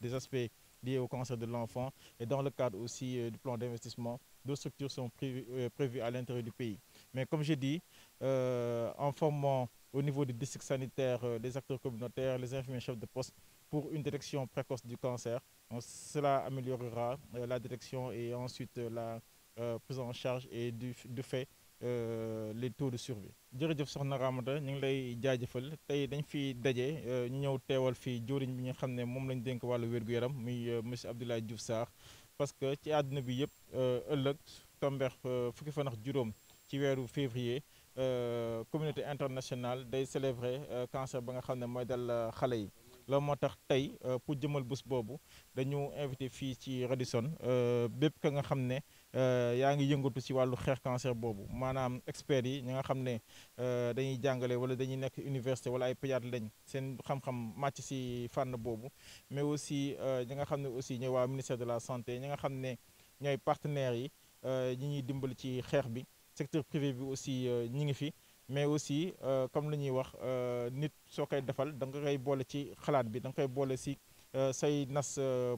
des aspects liés au cancer de l'enfant et dans le cadre aussi euh, du plan d'investissement, deux structures sont prévues, euh, prévues à l'intérieur du pays. Mais comme j'ai dit, euh, en formant au niveau du district sanitaire les euh, acteurs communautaires, les infirmiers chefs de poste pour une détection précoce du cancer, on, cela améliorera euh, la détection et ensuite euh, la prise en charge et du, du fait Euh, les taux de survie jërëjëf soxna Ramata ñu ngi lay jaajëfal tey dañ fi daje euh, ñu ñëw teewal fii jëwriñ bi nga xam ne moom lañ dénk wàllu wér-gu-yaram muy euh, monsieur Abdoulaye Diouf Sarr parce que ci àdduna bi yëpp ëllëg tombeex fukki fan ak juróom ci weeru février communauté internationale day célébrer cancer ba nga xam ne mooy dal xale yi loolu moo tax tey pour jëmal bés boobu dañu invité fii ci Radisson bépp ka nga xam ne Euh, yaa ngi yëngatu si wàllu xeex cancer boobu maanaam experts yi ñi nga xam ne euh, dañuy jàngale wala dañuy nekk université wala ay pédiatre lañ seen xam-xam màcc si fànn boobu mais aussi euh, ñi nga xam ne aussi ñooy waa ministère de la santé ñi nga xam ne ñooy partenaires yi ñi ñuy dimbali ci xeex bi secteur privé bi aussi ñi ngi fi mais aussi comme la ñuy wax nit soo koy defal da koy boole ci xalaat bi da nga koy boole si say nas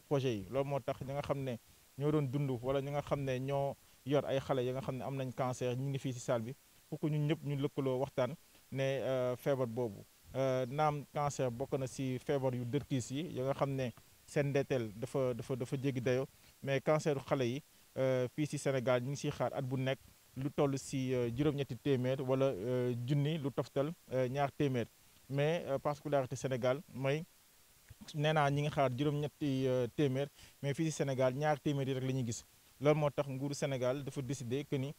projet yi loolu moo tax ñi nga xam ne ñoo doon dund wala ñi nga xam ne ñoo yor ay xale yi nga xam ne am nañ cancer ñu ngi fii si salle bi pour que ñun ñëpp ñu lëkkaloo waxtaan ne euh, feebar boobu euh, naam cancer bokk na si feebar yu dërkiis yi yi nga xam ne seen ndeeteel dafa dafa dafa jéggi dayo mais canceru xale yi euh, fii si Sénégal ñu ngi ciy xaar at bu nekk lu toll si juróom-ñetti téeméer wala junni lu toftal ñaar téeméer mais particularité Sénégal mooy nee naa ñi ngi xaar juróom-ñetti euh, téeméer mais fii Sénégal ñaar téeméer yi rek la ñuy gis loolu moo tax nguuru Sénégal dafa décidé que ni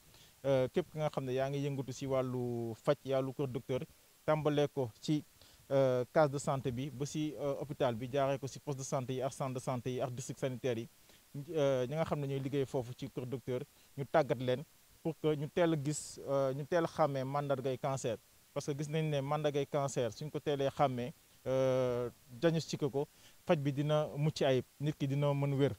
euh, képp ki nga xam ne yaa ngi yëngatu si wàllu faj yàllu ko docteur tàmbalee ko ci euh, case de santé bi ba si hôpital bi jaaree ko si poste de santé yi ak centre de santé yi ak district sanitaire yi ñi nga xam ne ñooy foofu ci kër docteur ñu tàggat leen pour ñu teel a gis ñu teel a xàmmee mandargay cancer parce que gis nañ ne mandargay cancer suñ ko teelee xàmmee Euh, diagnostiqué ko faj bi dina mucc ay nit ki dina mën wér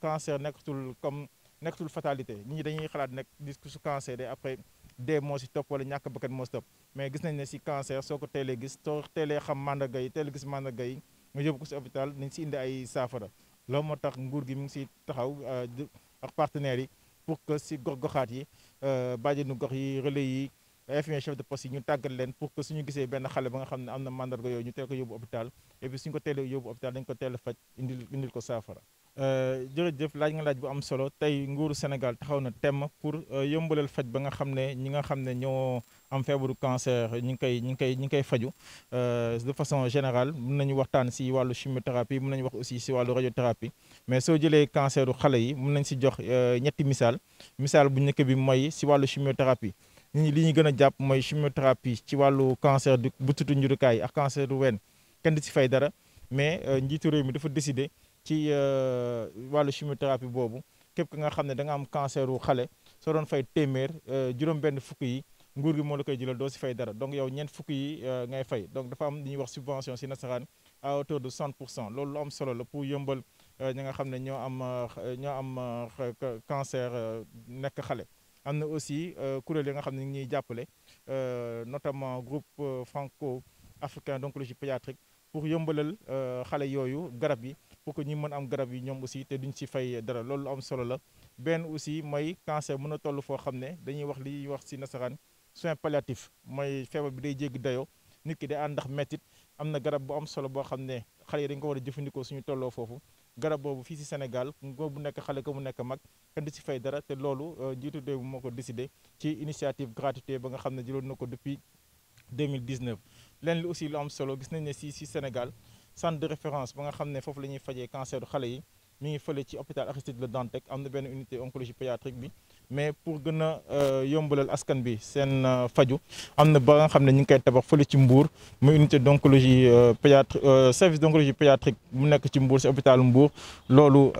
cancer nekkatul comme nekkatul fatalité nit ñi dañuy xalaat nekk discours cancer de après dee moo si topp wala ñàkk bakkan moo si topp mais gis nañ ne si cancer soo ko teelee gis soo teelee xam mandarga yi teelee gis mandarga yi nga yóbbu ko si hôpital nañ si indi ay saafara loo moo tax nguur gi mu ngi si taxaw euh, ak partenaires yi pour que si gox goxaat yi euh, bàjjenu gox yi relais yi infirmier chef de poste yi ñu tàggal leen pour que ñu gisee benn xale ba nga xam ne am na mandarga yooyu ñu teel ko yóbbu hôpital et puis suñu ko teel yóbbu hôpital dañ ko teel a faj indil indil ko saafara euh, jërëjëf laaj nga laaj bu am solo tey nguuru Sénégal taxaw na temm pour euh, yombalal faj ba nga xam ne ñi nga xam ne ñoo am feebaru cancer ñu ngi koy ñi ngi koy ñi ngi koy faju euh, de façon général mun nañu waxtaan si wàllu chimiothérapie mun nañu wax aussi si wàllu radiothérapie mais soo jëlee canceru xale yi mën nañ si jox ñetti misaal misaal bu njëkk bi mooy si wàllu chimiothérapie nit ñi li ñuy gën a jàpp mooy chimiothérapie ci wàllu cancer du butitu njurukaay ak cancer du wenn kenn di si fay dara mais euh, njiitu réew mi dafa décider ci euh, wàllu chimiothérapie boobu képp ki nga xam ne da nga am cancer wu xale soo doon fay téeméer euh, juróom-benn fukk yi nguur gi moo la koy jëlal doo si fay dara donc yow ñeent fukk yi ngay fay donc dafa am li wax subvention si nasaraan à de cent pour cent loolu lu am solo la pour yëmbal ñi nga xam ne ñoo am ñoo am cancer nekk xale am na aussi euh, kuréel yi nga xam ne ñu ngi ñuy jàppale euh, notamment groupe euh, franco africain d'oncologie pédiatrique pour yombalal xale yooyu garab yi pour que ñu mën am garab yi ñoom aussi te duñ ci fay dara loolu lu am solo la benn aussi may cancer mën a toll foo xam ne dañuy wax li ñuy wax si nasaraan soin palliatif may feebar bi day jéggi dayo nit ki day ànd ndax mettit am na garab bu am solo boo xam ne xale yi dañ ko war a jëfandikoo suñu tolloo foofu garab boobu fii si Sénégal ngoo bu nekk xale ko mu nekk mag kenn du si fay dara te loolu euh, njiitu réew mi moo ko décidé ci initiative gratuité ba nga xam ne jëloon na ko depuis 2019 leen li aussi lu am solo gis nañ ne sii si Sénégal centre de référence ba nga xam ne foofu la ñuy fajee cancer du xale yi mu ngi fële ci hôpital Aristide Le Dantec am na benn unité oncologie pédiatrique bi mais pour gën a euh, yombalal askan bi seen euh, faju am na ba nga xam ne ñu ngi koy tabax fële ci Mbour muy unité d'oncologie euh, pédiatri service d'oncologie pédiatrique mu nekk ci Mbour si hôpital Mbour loolu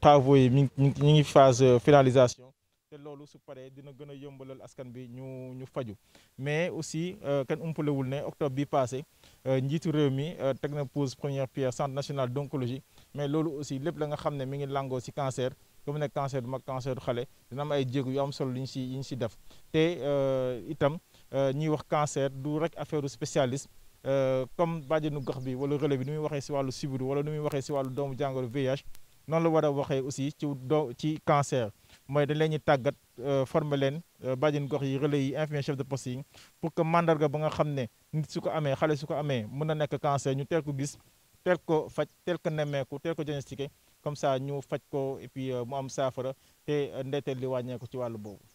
travaux yi mi ngi ñu ngi phase finalisation te loolu su paree dina gën a yombalal askan bi ñu ñu faju mais aussi kenn umpalewul ne octobre bi passé njiitu réew mi teg na pose première pierre centre national d'oncologie mais loolu aussi lép la nga xam ne mi ngi langoo si cancer comme nekk cancer du mag cancer du xale dina am ay jéego yu am solo yu ñu si yu ñu si def te euh, itam euh, ñuy wax cancer du rek affaire spécialiste euh, comme bàjjenu gox bi wala relais bi ni muy waxee si wàllu sibiru wala ni muy waxee si wàllu doomu jàngoro VIH noonu la war a waxee aussi ci doo ci cancer mooy dañ leen ñu tàggat former leen bàjjenu gox yi relais yi infirmier chef de poste yi pour que mandarga ba nga xam ne nit su ko amee xale su ko amee mën na nekk cancer ñu teel ko gis teel ko faj teel nemmeeku teel ko diagnostiqué comme ça ñu faj ko et euh, mu am saafara te euh, ndetteel li wàññeeku ci wàllu boobu